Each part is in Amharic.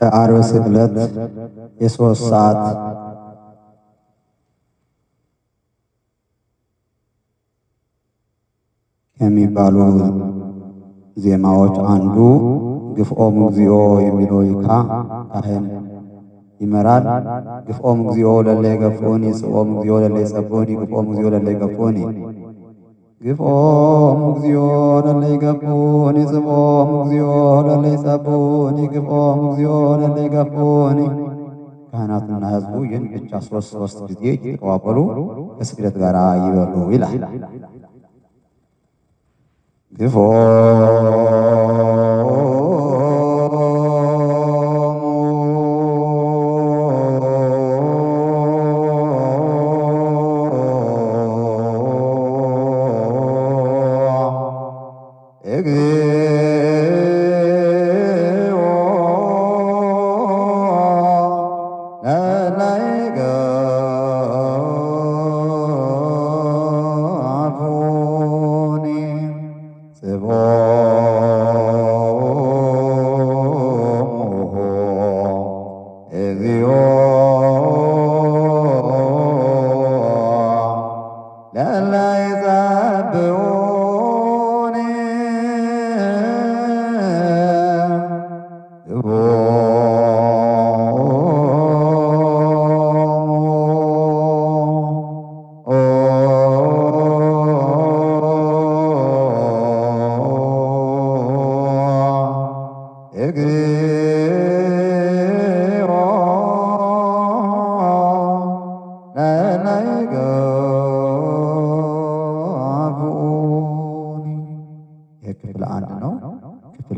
ከአርብ ስቅለት የሶስት ሰዓት የሚባሉ ዜማዎች አንዱ ግፍኦ እግዚኦ የሚለው ይካ ካህን ይመራል። ግፍኦ እግዚኦ ለለ ይገፎኒ፣ ጽኦ እግዚኦ ለለ ይጸብሖኒ፣ ግፍኦ እግዚኦ ለለ ይገፎኒ ግፎሙ እግዚኦ ለለይገቡ ንጽቦሙ እግዚኦ ለለይጸቡኒ ግፎሙ እግዚኦ ለለይገቡኒ። ካህናቱና ሕዝቡ ይህን ብቻ ሶስት ሶስት ጊዜ እየተቀባበሉ ከስግደት ጋር ይበሉ ይላል ግፎ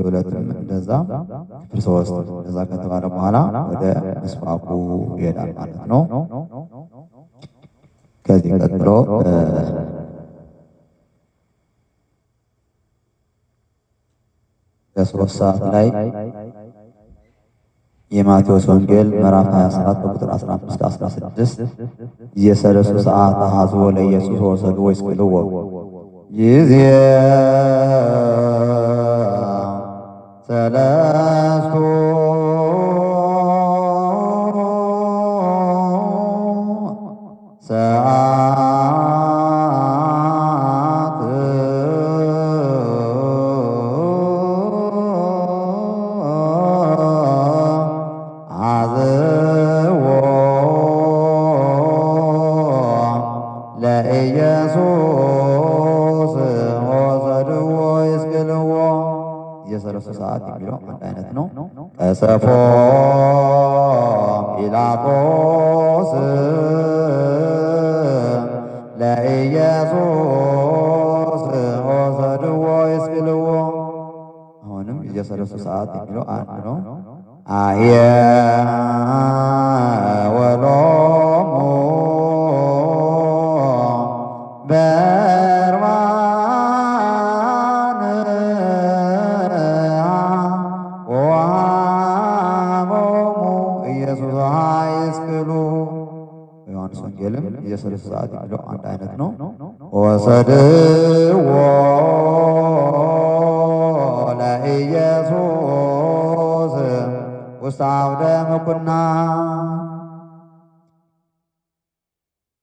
ሁለቱም እንደዛ ክፍል ሶስት እንደዛ ከተባለ በኋላ ወደ ይሄዳል ማለት ነው። ከዚህ ቀጥሎ ሰዓት ላይ የማቴዎስ ወንጌል ምዕራፍ 27 15 16 የሰለሱ ሰዓት ለኢየሱስ ወሰዱ ይዜ ta ከሰፎ ጲላጦስ ለኢየሱስ ወሰድዎ ይስቅልዎ። አሁንም የሰለስቱ ሰዓት የሚለው አንድ ነው። አየ ስለ ስርዓት የሚለው አንድ አይነት ነው። ወሰድ ለኢየሱስ ውስጥ አውደ ምኩና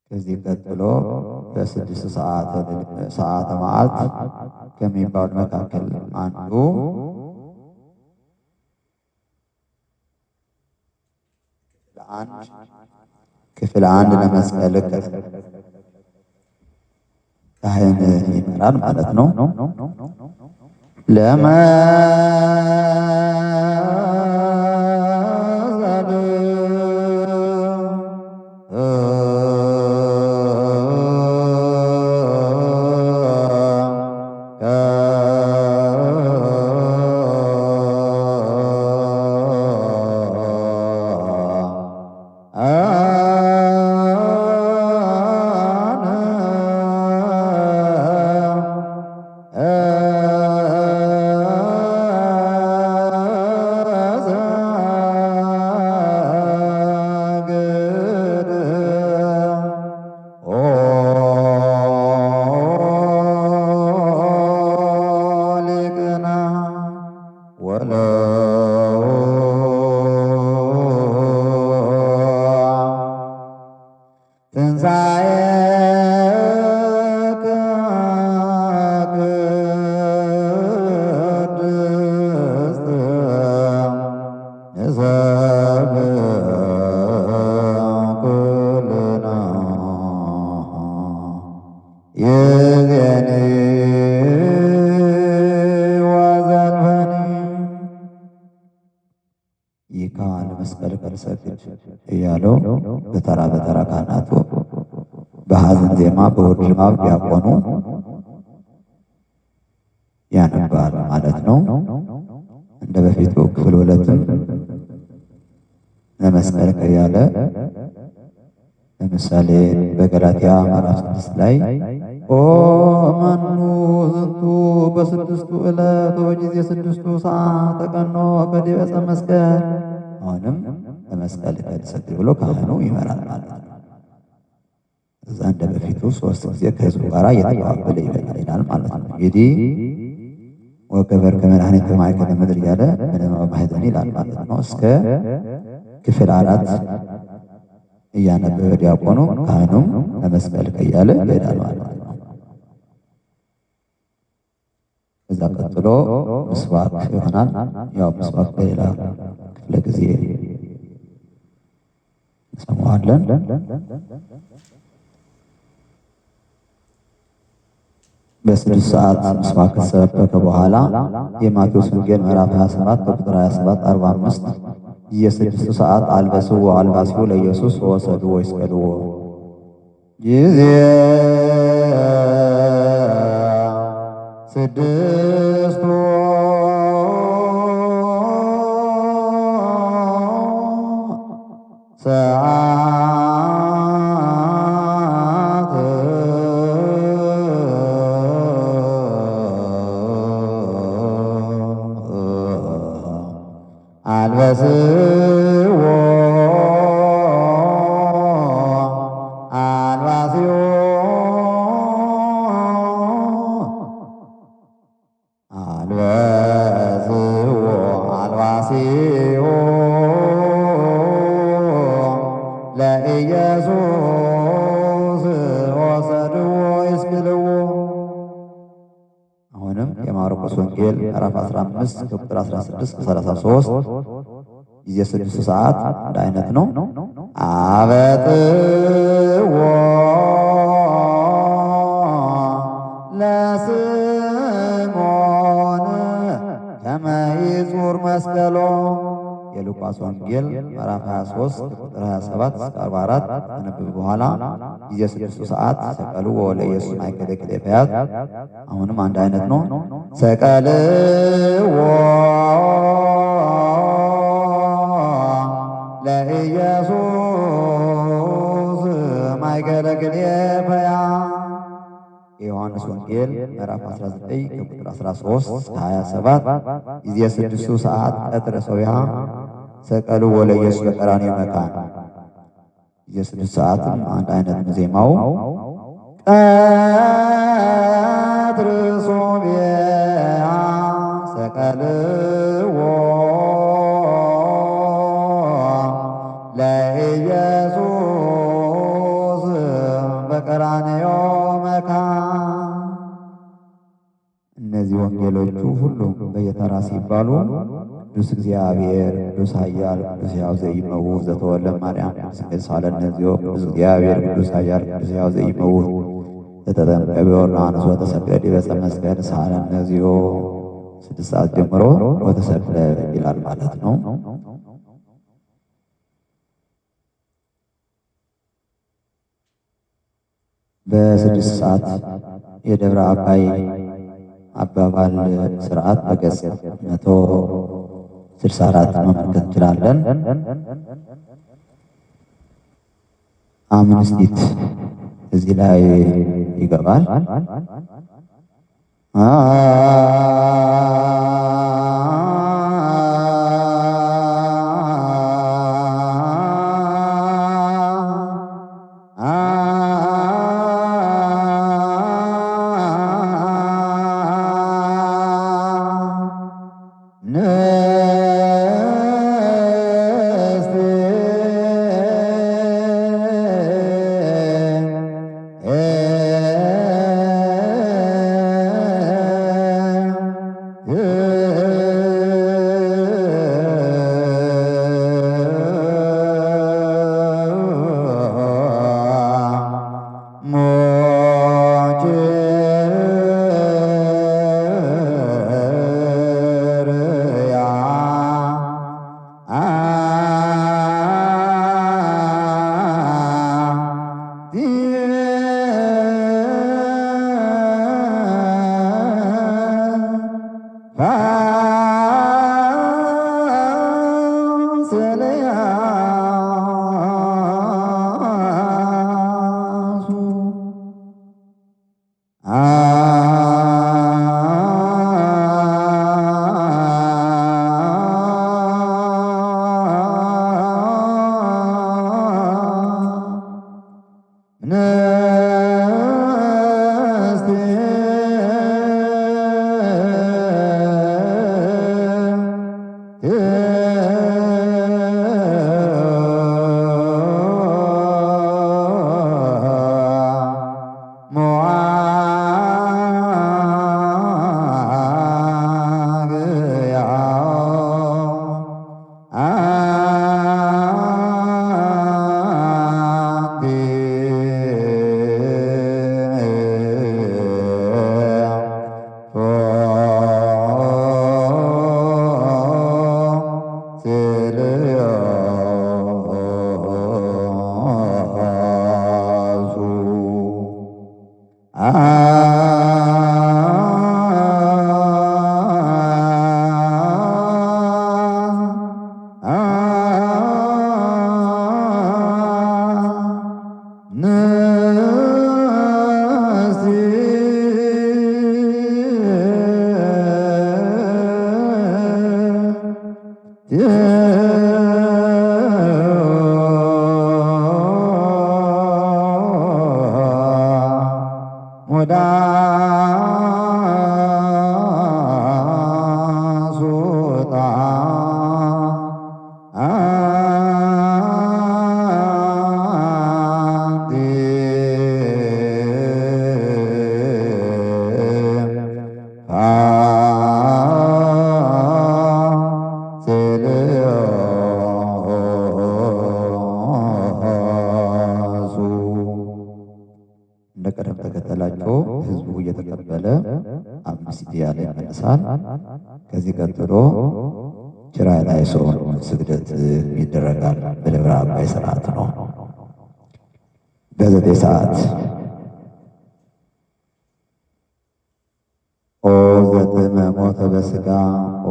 ከዚህ ቀጥሎ በስድስት ሰዓተ መዓት ከሚባሉ መካከል አንዱ አንድ ክፍል አንድ ለመስቀልከ ካህን ይመራል ማለት ነው። ለመ Ah ምንባብ ዲያቆኑ ያነባል ማለት ነው። እንደ በፊቱ ክፍል ሁለትም ለመስቀል ከያለ ለምሳሌ በገላትያ ምዕራፍ ስድስት ላይ ኦ መኑ ዝንቱ በስድስቱ ዕለት በጊዜ ስድስቱ ሰዓት ተቀኖ በዲበፀ መስቀል አሁንም ለመስቀል ከተሰግድ ብሎ ካህኑ ይመራል ማለት ነው። እዛ እንደ በፊቱ ሶስት ጊዜ ከህዝቡ ጋር እየተቀባበለ ይላል ማለት ነው። እንግዲህ ወከበር ከመድኃኒት በማይከለ ምድር እያለ ምንም ማህተን ይላል ማለት ነው። እስከ ክፍል አራት እያነበበ ዲያቆኑ ካህኑም ለመስቀል ከያለ ይሄዳል ማለት ነው። እዛ ቀጥሎ ምስዋክ ይሆናል። ያው ምስዋክ በሌላ ክፍለ ጊዜ እንሰማዋለን። በስድስት ሰዓት ምስባክ ከተሰበከ በኋላ የማቴዎስ ወንጌል ምዕራፍ 27 ቁጥር 27 45 የስድስቱ ሰዓት አልበሱ ወአልባሲሁ ለኢየሱስ ወሰዱ ወይስቀልዎ ጊዜ ስድስት አንበሲዎ አንበሲዎ አንበሲዎ አንበሲዎ ለኢየሱስ ወሰድዎ ይስቅልዎ። አሁንም የማርቆስ ወንጌል ምዕራፍ 15 ቁጥር 16 33 የስድስት ሰዓት እንደ አይነት ነው። አበጥዎ ለስሞን ከመይዙር ይጹር መስቀሎ የሉቃስ ወንጌል ምዕራፍ 23 ቁጥር 27 44 ከነበብ በኋላ የስድስቱ ሰዓት ሰቀሉ ወለኢየሱስ ማእከለ ክሌብያት አሁንም አንድ አይነት ነው። ሰቀልዎ ለኢየሱስ ማይገለግል ግዴፈያ የዮሐንስ ወንጌል ምዕራፍ 19 ከቁጥር 13 27 ጊዜ ስድስቱ ሰዓት ቀትረ ሰውያ ሰቀሉ ወለ ኢየሱስ መካን ጊዜ ሰዓትም አንድ አይነት ነው ዜማው ቀትር ሶቤ ሌሎቹ ሁሉ በየተራ ሲባሉ ቅዱስ እግዚአብሔር ቅዱስ ኃያል ቅዱስ ሕያው ዘኢይመውት ዘተወልደ ማርያም ስቅድስ ኀለነ እግዚኦ ቅዱስ እግዚአብሔር ቅዱስ ኃያል ቅዱስ ሕያው ዘኢይመውት ዘተጠምቀ በዮርዳኖስ ወተሰቀለ ዲበ መስቀል ሳለ እግዚኦ። ስድስት ሰዓት ጀምሮ ወተሰቀለ ይላል ማለት ነው። በስድስት ሰዓት የደብረ አባይ አባባል ስርዓት በገጽ መቶ ስልሳ መመልከት እንችላለን። አምስቲት እዚህ ላይ ይገባል። Ah.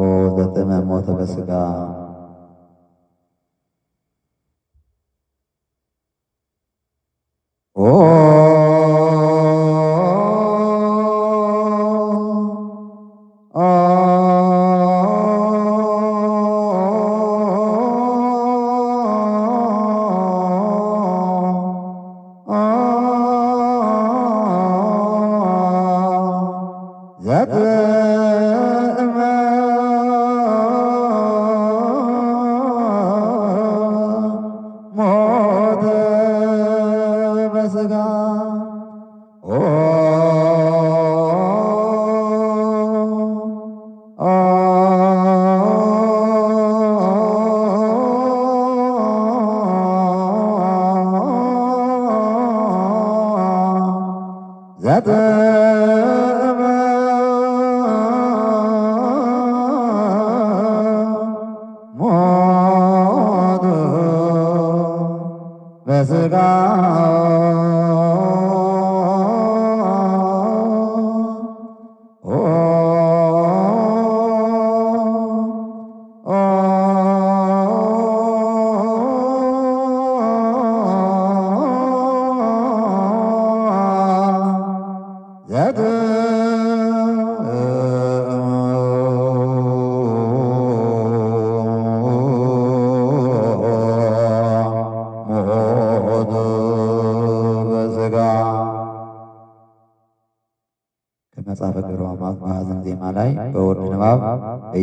ኦ ዘጥመ ሞተ በሥጋ ኦ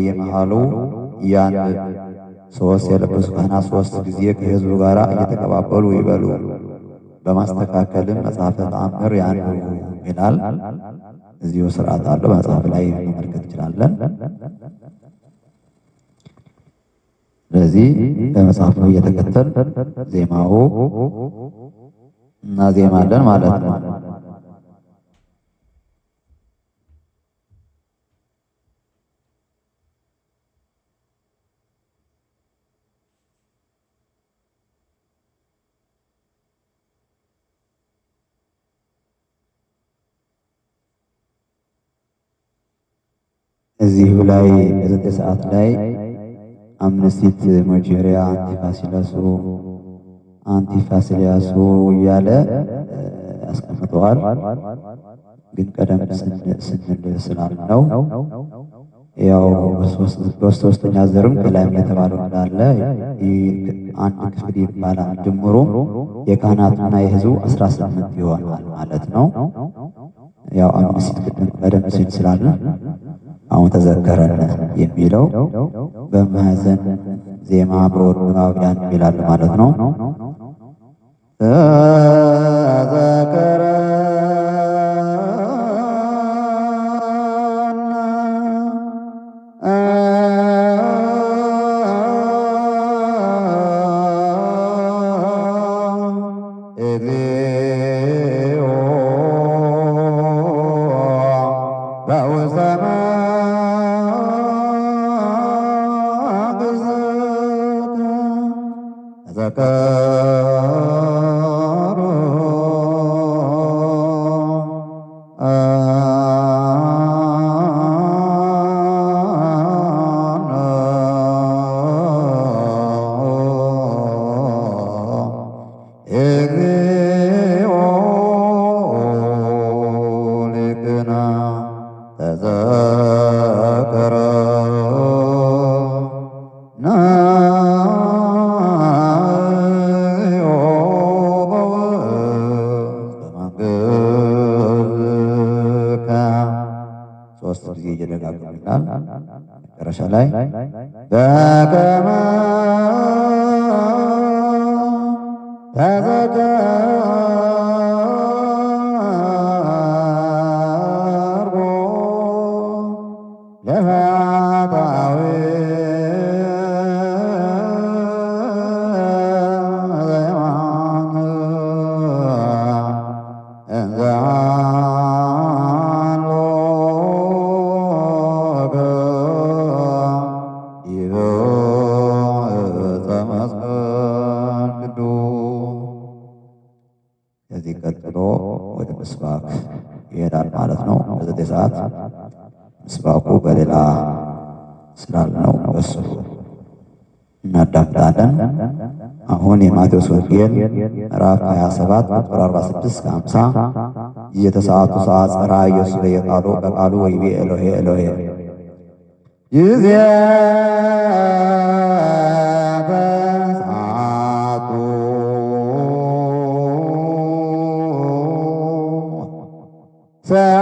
በየመሃሉ ያን ሶስት የለበሱ ካህናት ሶስት ጊዜ ከህዝቡ ጋር እየተቀባበሉ ይበሉ፣ በማስተካከልም መጽሐፈ ተአምር ያንብቡ ይላል። እዚሁ ስርዓት አለው በመጽሐፍ ላይ መመልከት እንችላለን። ስለዚህ በመጽሐፉ እየተከተል ዜማው እና ዜማለን ማለት ነው። ላይ በዘጠኝ ሰዓት ላይ አምነስቲት ሞጀሪያ አንቲፋሲለሱ አንቲፋሲሊያሱ እያለ አስቀምጠዋል። ግን ቀደም ስንል ነው ያው በሶስተኛ ዘርም ከላይም የተባለው እንዳለ አንድ ክፍል ይባላል። ድምሩ የካህናትና የሕዝቡ አስራ ስምንት ይሆናል ማለት ነው። ያው አምስት ቅድም ቀደም ሲል ስላለ አሁን ተዘከረን የሚለው በመሐዘን ዜማ ብሮድ ንባብ ያን ይላል ማለት ነው። ተዘከረ ከዚህ ቀጥሎ ወደ ምስባክ ይሄዳል ማለት ነው። በዘጠኝ ሰዓት ምስባኩ በሌላ ስላልነው እሱ እናዳምጣለን። አሁን የማቴዎስ ወንጌል ምዕራፍ 27 ቁጥር 46 50 እየተሰዓቱ ሰዓት ፀራ ኢየሱስ በየቃሉ በቃሉ ወይቤ ኤሎሄ ኤሎሄ ይዜበ ሰ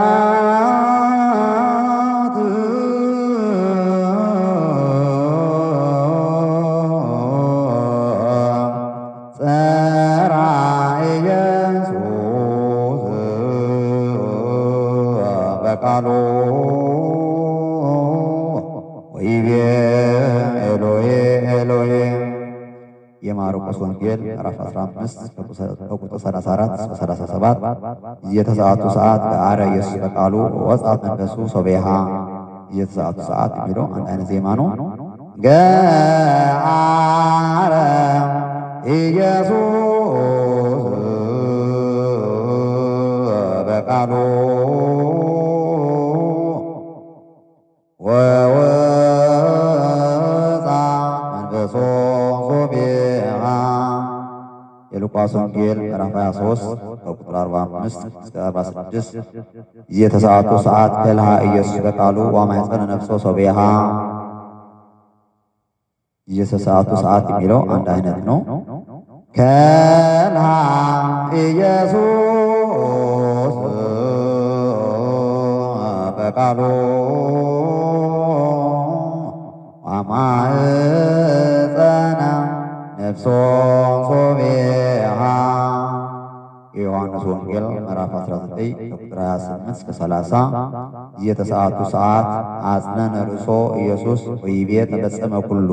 34 37 እየተሰዓቱ ሰዓት አረ ኢየሱስ በቃሉ ወጻት መንፈሱ ሶቤሃ እየተሰዓቱ ሰዓት የሚለው አንድ አይነት ዜማ ነው። ገአረ ኢየሱስ በቃሉ የሉቃስ ወንጌል ምዕራፍ 23 ከቁጥር 45 እስከ 46 የተሰዓቱ ሰዓት ከልሃ ኢየሱስ በቃሉ ዋማይፀነ ነፍሶ ሰቤሃ እየተሰዓቱ ሰዓት የሚለው አንድ አይነት ነው። ከልሃ ኢየሱስ በቃሉ ዘራእይ 28 እስከ 30 እየተሰዓቱ ሰዓት አጽነን ርእሶ ኢየሱስ ወይቤ ተፈጸመ ኩሉ።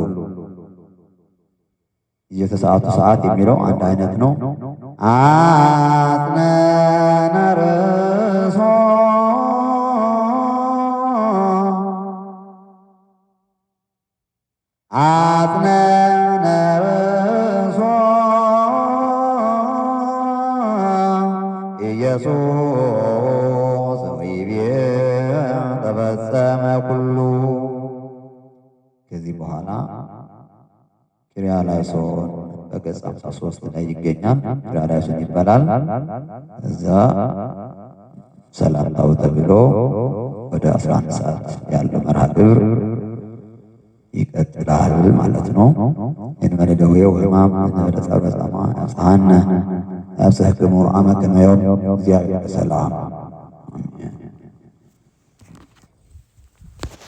እየተሰዓቱ ሰዓት የሚለው አንድ አይነት ነው። አጽነን ርእሶ አጽነን ርእሶ ኢየሱስ ዳላሶን በገጽ 53 ላይ ይገኛል። ዳላሶን ይባላል። እዛ ሰላምታው ተብሎ ወደ 11 ሰዓት ያለው መርሃ ግብር ይቀጥላል ማለት ነው። እንመለ ደዌው ህማም ተደረጻ በጻማ ያጽሐነ ያጽሕክሙ አመ ከመ እግዚአብሔር ሰላም